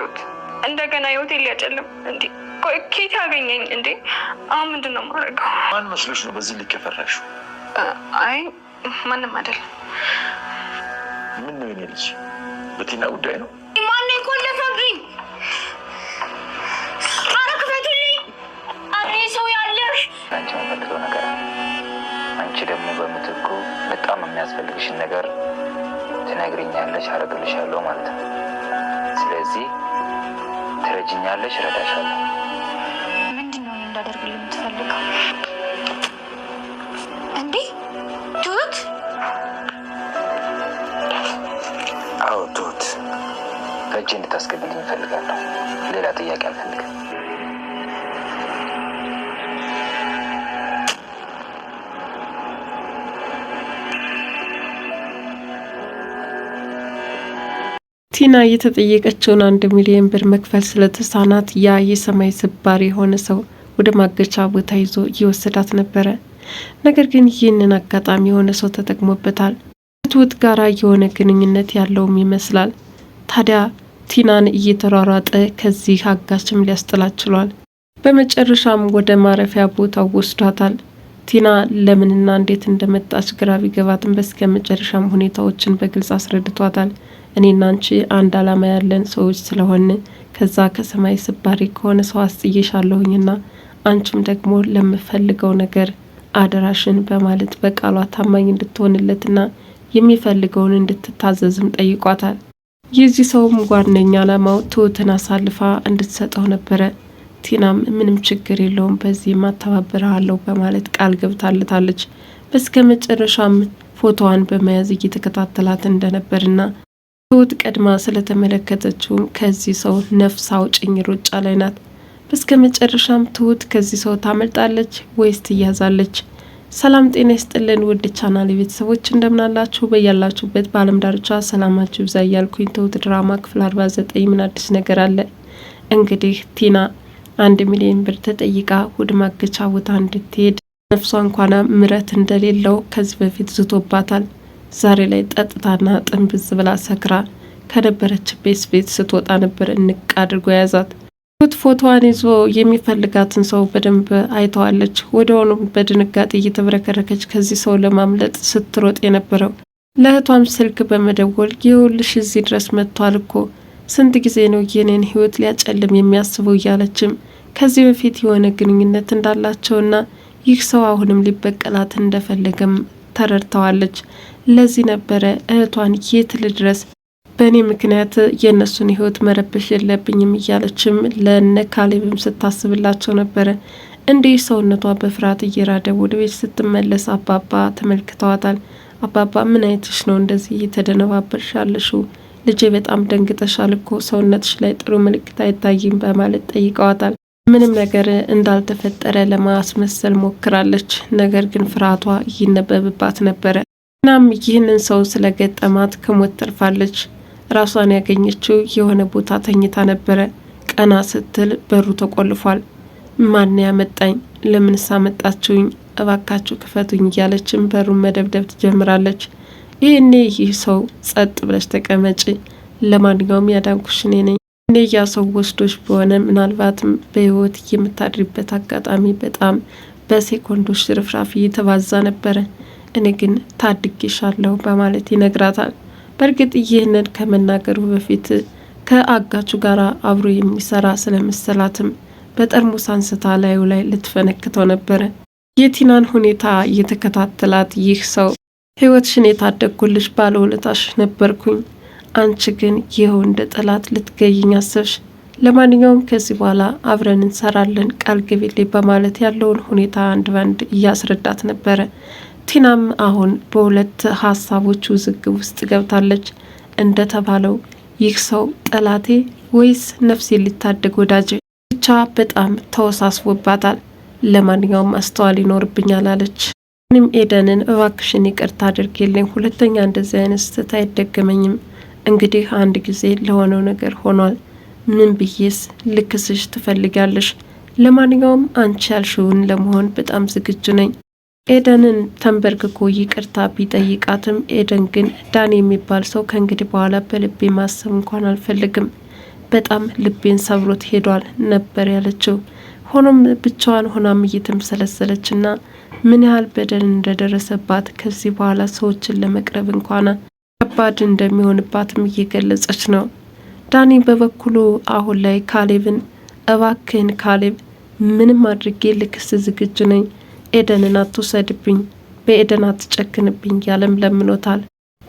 አየሁት። እንደገና ህይወት ያጨልም እንዴ? ኬት ያገኘኝ እንዴ? አሁን ምንድን ነው የማደርገው? ማን መስሎች ነው በዚህ ልክ የፈራሽው? አይ ማንም አይደለም። ምን ነው የኔ ልጅ በቴና ጉዳይ ነው? ማነው የቆለፈብኝ? ነገር አንቺ ደግሞ የሚያስፈልግሽን ነገር ትነግሪኛለሽ፣ አደርግልሻለሁ ማለት ነው። ስለዚህ ትረጅኛለሽ፣ ረዳሻለሁ። ምንድን ነው እንዳደርግልህ የምትፈልገው? እንዴ ትሁት! አዎ ትሁት፣ እጅ እንድታስገቢልኝ እፈልጋለሁ። ሌላ ጥያቄ አልፈልግም። ቲና የተጠየቀችውን አንድ ሚሊዮን ብር መክፈል ስለተሳናት ያ የሰማይ ስባሪ የሆነ ሰው ወደ ማገቻ ቦታ ይዞ እየወሰዳት ነበረ። ነገር ግን ይህንን አጋጣሚ የሆነ ሰው ተጠቅሞበታል። ከትሁት ጋራ የሆነ ግንኙነት ያለውም ይመስላል። ታዲያ ቲናን እየተሯሯጠ ከዚህ አጋችም ሊያስጥላት ችሏል። በመጨረሻም ወደ ማረፊያ ቦታው ወስዷታል። ቲና ለምንና እንዴት እንደመጣች ግራ ቢገባትም በስከ መጨረሻም ሁኔታዎችን በግልጽ አስረድቷታል። እኔና አንቺ አንድ አላማ ያለን ሰዎች ስለሆን ከዛ ከሰማይ ስባሪ ከሆነ ሰው አስጥዬሻለሁኝና አንቺም ደግሞ ለምፈልገው ነገር አደራሽን በማለት በቃሏ ታማኝ እንድትሆንለትና የሚፈልገውን እንድትታዘዝም ጠይቋታል። የዚህ ሰውም ዋነኛ አላማው ትሁትን አሳልፋ እንድትሰጠው ነበረ። ቲናም ምንም ችግር የለውም በዚህ ማተባበረሃለሁ በማለት ቃል ገብታለታለች። በስከ መጨረሻም ፎቶዋን በመያዝ እየተከታተላት እንደነበርና ትሁት ቀድማ ስለተመለከተችውም ከዚህ ሰው ነፍስ አውጭኝ ሩጫ ላይ ናት። እስከ መጨረሻም ትሁት ከዚህ ሰው ታመልጣለች ወይስ ትያዛለች? ሰላም ጤና ይስጥልን ውድ ቻናል ቤተሰቦች እንደምናላችሁ በያላችሁበት በዓለም ዳርቻ ሰላማችሁ ብዛ እያልኩኝ ትሁት ድራማ ክፍል 49 ምን አዲስ ነገር አለ? እንግዲህ ቲና አንድ ሚሊዮን ብር ተጠይቃ ውድ ማገቻ ቦታ እንድትሄድ ነፍሷ እንኳን ምረት እንደሌለው ከዚህ በፊት ዝቶባታል። ዛሬ ላይ ጠጥታና ጥንብዝ ብላ ሰክራ ከነበረች ቤት ስትወጣ ነበር እንቅ አድርጎ የያዛት። ትሁት ፎቶዋን ይዞ የሚፈልጋትን ሰው በደንብ አይተዋለች። ሆኑም በድንጋጤ እየተብረከረከች ከዚህ ሰው ለማምለጥ ስትሮጥ የነበረው ለእህቷም ስልክ በመደወል ይኸውልሽ እዚህ ድረስ መጥቷል እኮ ስንት ጊዜ ነው የኔን ህይወት ሊያጨልም የሚያስበው እያለችም ከዚህ በፊት የሆነ ግንኙነት እንዳላቸውና ይህ ሰው አሁንም ሊበቀላት እንደፈለገም ተረድተዋለች። ለዚህ ነበረ እህቷን የት ልድረስ በእኔ ምክንያት የእነሱን ህይወት መረበሽ የለብኝም እያለችም ለነ ካሌብም ስታስብላቸው ነበረ። እንዲህ ሰውነቷ በፍርሃት እየራደ ወደ ቤት ስትመለስ አባባ ተመልክተዋታል። አባባ ምን አይነትሽ ነው እንደዚህ እየተደነባበርሽ ልጄ በጣም ደንግጠሻል እኮ ሰውነትሽ ላይ ጥሩ ምልክት አይታይም በማለት ጠይቀዋታል። ምንም ነገር እንዳልተፈጠረ ለማስመሰል ሞክራለች። ነገር ግን ፍርሃቷ ይነበብባት ነበረ። እናም ይህንን ሰው ስለገጠማት ከሞት ተርፋለች። ራሷን ያገኘችው የሆነ ቦታ ተኝታ ነበረ። ቀና ስትል በሩ ተቆልፏል። ማን ያመጣኝ? ለምን አመጣችሁኝ? እባካችሁ ክፈቱኝ እያለችም በሩን መደብደብ ትጀምራለች። ይህኔ ይህ ሰው ጸጥ ብለሽ ተቀመጪ፣ ለማንኛውም ያዳንኩሽ እኔ ነኝ እንደ ያሰው ወስዶች በሆነ ምናልባትም በህይወት የምታድሪበት አጋጣሚ በጣም በሴኮንዶች ርፍራፊ የተባዛ ነበረ። እኔ ግን ታድጌሻለሁ በማለት ይነግራታል። በእርግጥ ይህንን ከመናገሩ በፊት ከአጋቹ ጋር አብሮ የሚሰራ ስለመሰላትም በጠርሙስ አንስታ ላዩ ላይ ልትፈነክተው ነበረ። የቲናን ሁኔታ እየተከታተላት ይህ ሰው ህይወትሽን የታደግኩልሽ ባለውለታሽ ነበርኩኝ አንቺ ግን ይኸው እንደ ጠላት ልትገይኝ አሰብሽ። ለማንኛውም ከዚህ በኋላ አብረን እንሰራለን ቃል ግቢልኝ በማለት ያለውን ሁኔታ አንድ ባንድ እያስረዳት ነበረ። ቲናም አሁን በሁለት ሀሳቦች ውዝግብ ውስጥ ገብታለች። እንደተባለው ይህ ሰው ጠላቴ ወይስ ነፍሴ ሊታደግ ወዳጅ ብቻ በጣም ተወሳስቦባታል። ለማንኛውም አስተዋል ይኖርብኛል አለች። ምንም ኤደንን እባክሽን ይቅርታ አድርጌልኝ፣ ሁለተኛ እንደዚህ አይነት ስህተት አይደገመኝም እንግዲህ አንድ ጊዜ ለሆነው ነገር ሆኗል። ምን ብዬስ ልክስሽ ትፈልጋለሽ? ለማንኛውም አንቺ ያልሽውን ለመሆን በጣም ዝግጁ ነኝ። ኤደንን ተንበርክኮ ይቅርታ ቢጠይቃትም ኤደን ግን ዳን የሚባል ሰው ከእንግዲህ በኋላ በልቤ ማሰብ እንኳን አልፈልግም፣ በጣም ልቤን ሰብሮት ሄዷል ነበር ያለችው። ሆኖም ብቻዋን ሆናም እየተመሰለሰለች እና ምን ያህል በደል እንደደረሰባት ከዚህ በኋላ ሰዎችን ለመቅረብ እንኳን ከባድ እንደሚሆንባትም እየገለጸች ነው። ዳኒ በበኩሉ አሁን ላይ ካሌብን እባክህን ካሌብ ምንም አድርጌ ልክስ ዝግጁ ነኝ፣ ኤደንን አትውሰድብኝ፣ በኤደን አትጨክንብኝ ያለም ለምኖታል።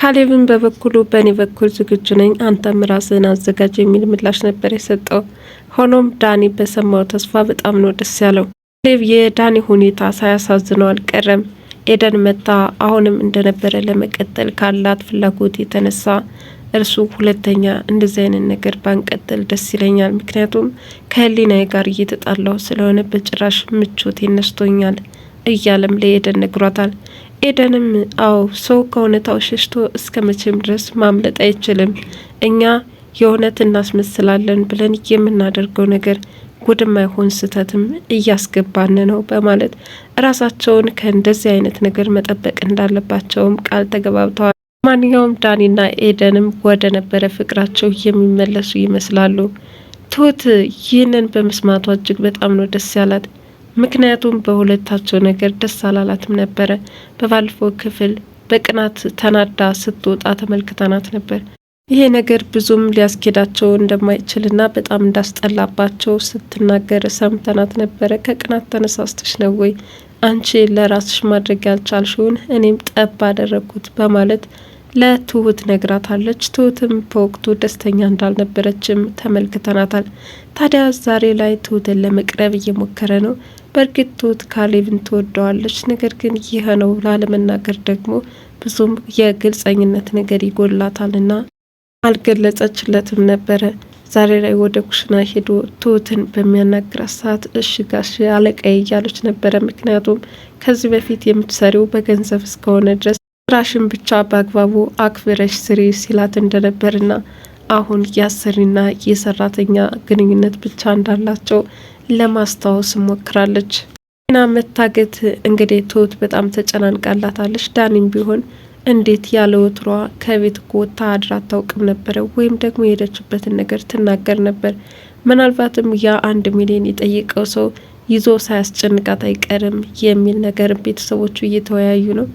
ካሌብን በበኩሉ በእኔ በኩል ዝግጁ ነኝ፣ አንተም ራስህን አዘጋጅ የሚል ምላሽ ነበር የሰጠው። ሆኖም ዳኒ በሰማው ተስፋ በጣም ነው ደስ ያለው። ካሌብ የዳኒ ሁኔታ ሳያሳዝነው አልቀረም። ኤደን መታ አሁንም እንደነበረ ለመቀጠል ካላት ፍላጎት የተነሳ እርሱ ሁለተኛ እንደዚህ አይነት ነገር ባንቀጥል ደስ ይለኛል። ምክንያቱም ከህሊናዬ ጋር እየተጣላሁ ስለሆነ በጭራሽ ምቾቴ ነስቶኛል እያለም ለኤደን ነግሯታል። ኤደንም አዎ ሰው ከእውነታው ሸሽቶ እስከ መቼም ድረስ ማምለጥ አይችልም። እኛ የእውነት እናስመስላለን ብለን የምናደርገው ነገር ወደማይሆን ስህተትም እያስገባን ነው በማለት እራሳቸውን ከእንደዚህ አይነት ነገር መጠበቅ እንዳለባቸውም ቃል ተገባብተዋል። ማንኛውም ዳኒና ኤደንም ወደ ነበረ ፍቅራቸው የሚመለሱ ይመስላሉ። ትሁት ይህንን በመስማቷ እጅግ በጣም ነው ደስ ያላት። ምክንያቱም በሁለታቸው ነገር ደስ አላላትም ነበረ። በባለፈው ክፍል በቅናት ተናዳ ስትወጣ ተመልክተናት ነበር። ይሄ ነገር ብዙም ሊያስኬዳቸው እንደማይችልና በጣም እንዳስጠላባቸው ስትናገር ሰምተናት ነበረ። ከቅናት ተነሳስተሽ ነው ወይ አንቺ ለራስሽ ማድረግ ያልቻልሽውን እኔም ጠብ አደረግኩት በማለት ለትሁት ነግራታለች። ትሁትም በወቅቱ ደስተኛ እንዳልነበረችም ተመልክተናታል። ታዲያ ዛሬ ላይ ትሁትን ለመቅረብ እየሞከረ ነው። በእርግጥ ትሁት ካሌብን ትወደዋለች። ነገር ግን ይህ ነው ላለመናገር ደግሞ ብዙም የግልጸኝነት ነገር ይጎላታልና አልገለጸችለትም ነበረ። ዛሬ ላይ ወደ ኩሽና ሄዶ ትሁትን በሚያናግራት ሰዓት እሺ ጋሽ አለቃዬ እያለች ነበረ። ምክንያቱም ከዚህ በፊት የምትሰሪው በገንዘብ እስከሆነ ድረስ ስራሽን ብቻ በአግባቡ አክብረሽ ስሪ ሲላት እንደነበርና አሁን የአሰሪና የሰራተኛ ግንኙነት ብቻ እንዳላቸው ለማስታወስ ሞክራለች። ና መታገት እንግዲህ ትሁት በጣም ተጨናንቃላታለች። ዳኒም ቢሆን እንዴት ያለ ወትሯ ከቤት እኮ አድራ አታውቅም ነበረ፣ ወይም ደግሞ የሄደችበትን ነገር ትናገር ነበር። ምናልባትም ያ አንድ ሚሊዮን የጠየቀው ሰው ይዞ ሳያስጨንቃት አይቀርም የሚል ነገር ቤተሰቦቹ እየተወያዩ ነው።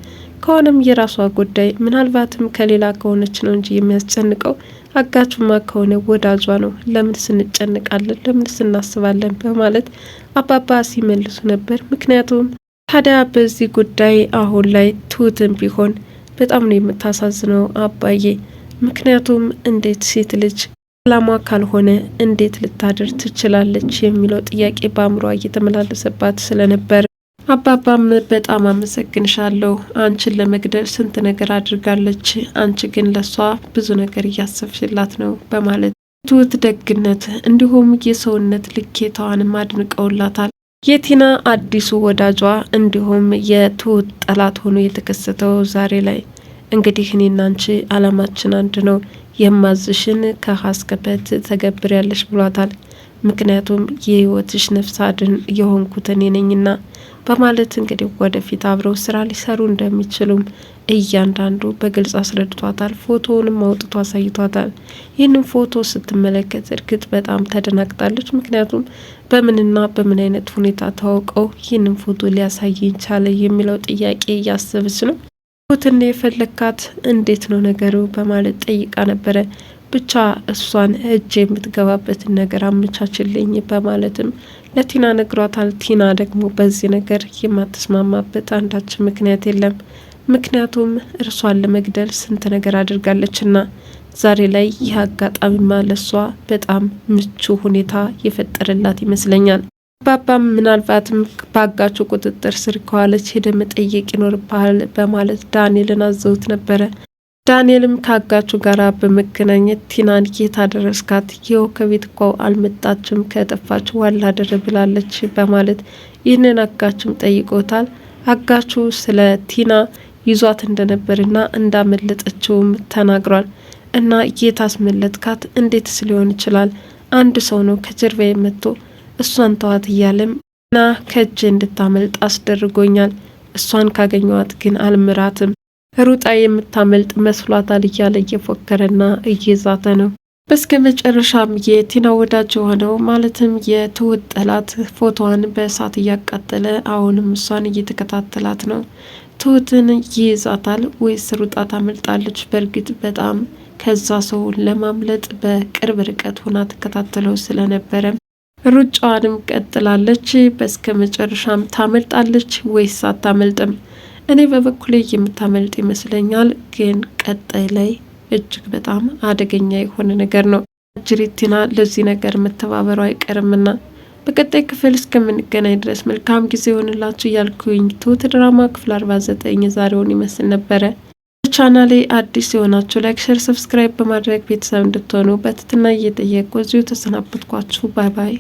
ከሆነም የራሷ ጉዳይ፣ ምናልባትም ከሌላ ከሆነች ነው እንጂ የሚያስጨንቀው አጋቹማ ከሆነ ወዳጇ ነው። ለምን ስንጨንቃለን? ለምን ስናስባለን? በማለት አባባ ሲመልሱ ነበር። ምክንያቱም ታዲያ በዚህ ጉዳይ አሁን ላይ ትሁትም ቢሆን በጣም ነው የምታሳዝነው አባዬ። ምክንያቱም እንዴት ሴት ልጅ ሰላሟ ካልሆነ እንዴት ልታድር ትችላለች የሚለው ጥያቄ በአእምሯ እየተመላለሰባት ስለነበር አባባም በጣም አመሰግንሻለሁ። አንቺን ለመግደል ስንት ነገር አድርጋለች፣ አንቺ ግን ለሷ ብዙ ነገር እያሰብሽላት ነው በማለት ትሁት ደግነት እንዲሁም የሰውነት ልኬታዋንም አድንቀውላታል። የቲና አዲሱ ወዳጇ እንዲሁም የትሁት ጠላት ሆኖ የተከሰተው ዛሬ ላይ እንግዲህ እኔና አንቺ አላማችን አንድ ነው፣ የማዝሽን ከሀ ተገብር ያለሽ ብሏታል። ምክንያቱም የህይወትሽ ነፍስ አድን የሆንኩት እኔ ነኝና በማለት እንግዲህ ወደፊት አብረው ስራ ሊሰሩ እንደሚችሉም እያንዳንዱ በግልጽ አስረድቷታል። ፎቶውንም አውጥቶ አሳይቷታል። ይህንን ፎቶ ስትመለከት እርግጥ በጣም ተደናግጣለች። ምክንያቱም በምንና በምን አይነት ሁኔታ ታውቀው ይህንን ፎቶ ሊያሳይ ቻለ የሚለው ጥያቄ እያሰበች ነው። ትሁትን የፈለግካት እንዴት ነው ነገሩ በማለት ጠይቃ ነበረ። ብቻ እሷን እጅ የምትገባበትን ነገር አመቻችልኝ በማለትም ለቲና ነግሯታል። ቲና ደግሞ በዚህ ነገር የማትስማማበት አንዳች ምክንያት የለም። ምክንያቱም እርሷን ለመግደል ስንት ነገር አድርጋለችና ዛሬ ላይ ይህ አጋጣሚማ ለሷ በጣም ምቹ ሁኔታ የፈጠረላት ይመስለኛል። ባባም ምናልባትም በአጋቹ ቁጥጥር ስር ከዋለች ሄደ መጠየቅ ይኖርብሃል በማለት ዳንኤልን አዘውት ነበረ። ዳንኤልም ከአጋቹ ጋር በመገናኘት ቲናን የት አደረስካት? ይኸው ከቤት እኮ አልመጣችም ከጠፋች ዋላደረ ብላለች በማለት ይህንን አጋችም ጠይቆታል። አጋቹ ስለ ቲና ይዟት እንደነበርና እንዳመለጠችውም ተናግሯል። እና የት አስመለጥካት? እንዴትስ ሊሆን ይችላል? አንድ ሰው ነው ከጀርባ የመጥቶ እሷን ተዋት እያለም ና ከእጄ እንድታመልጥ አስደርጎኛል። እሷን ካገኘዋት ግን አልምራትም። ሩጣ የምታመልጥ መስሏታል እያለ እየፎከረና እየዛተ ነው። በስከ መጨረሻም የቲና ወዳጅ የሆነው ማለትም የትሁት ጠላት ፎቶዋን በእሳት እያቃጠለ አሁንም እሷን እየተከታተላት ነው። ትሁትን ይይዛታል ወይስ ሩጣ ታመልጣለች? በእርግጥ በጣም ከዛ ሰው ለማምለጥ በቅርብ ርቀት ሆና ትከታተለው ስለነበረ ሩጫዋንም ቀጥላለች። በስከ መጨረሻም ታመልጣለች ወይስ አታመልጥም? እኔ በበኩሌ የምታመልጥ ይመስለኛል፣ ግን ቀጣይ ላይ እጅግ በጣም አደገኛ የሆነ ነገር ነው። ጅሪቲና ለዚህ ነገር መተባበሩ አይቀርምና በቀጣይ ክፍል እስከምንገናኝ ድረስ መልካም ጊዜ ሆንላችሁ እያልኩኝ ትሁት ድራማ ክፍል 49 ዛሬውን ይመስል ነበረ። ቻናሌ አዲስ የሆናችሁ ላይክ፣ ሸር፣ ሰብስክራይብ በማድረግ ቤተሰብ እንድትሆኑ በትህትና እየጠየቁ እዚሁ ተሰናበትኳችሁ። ባይ ባይ።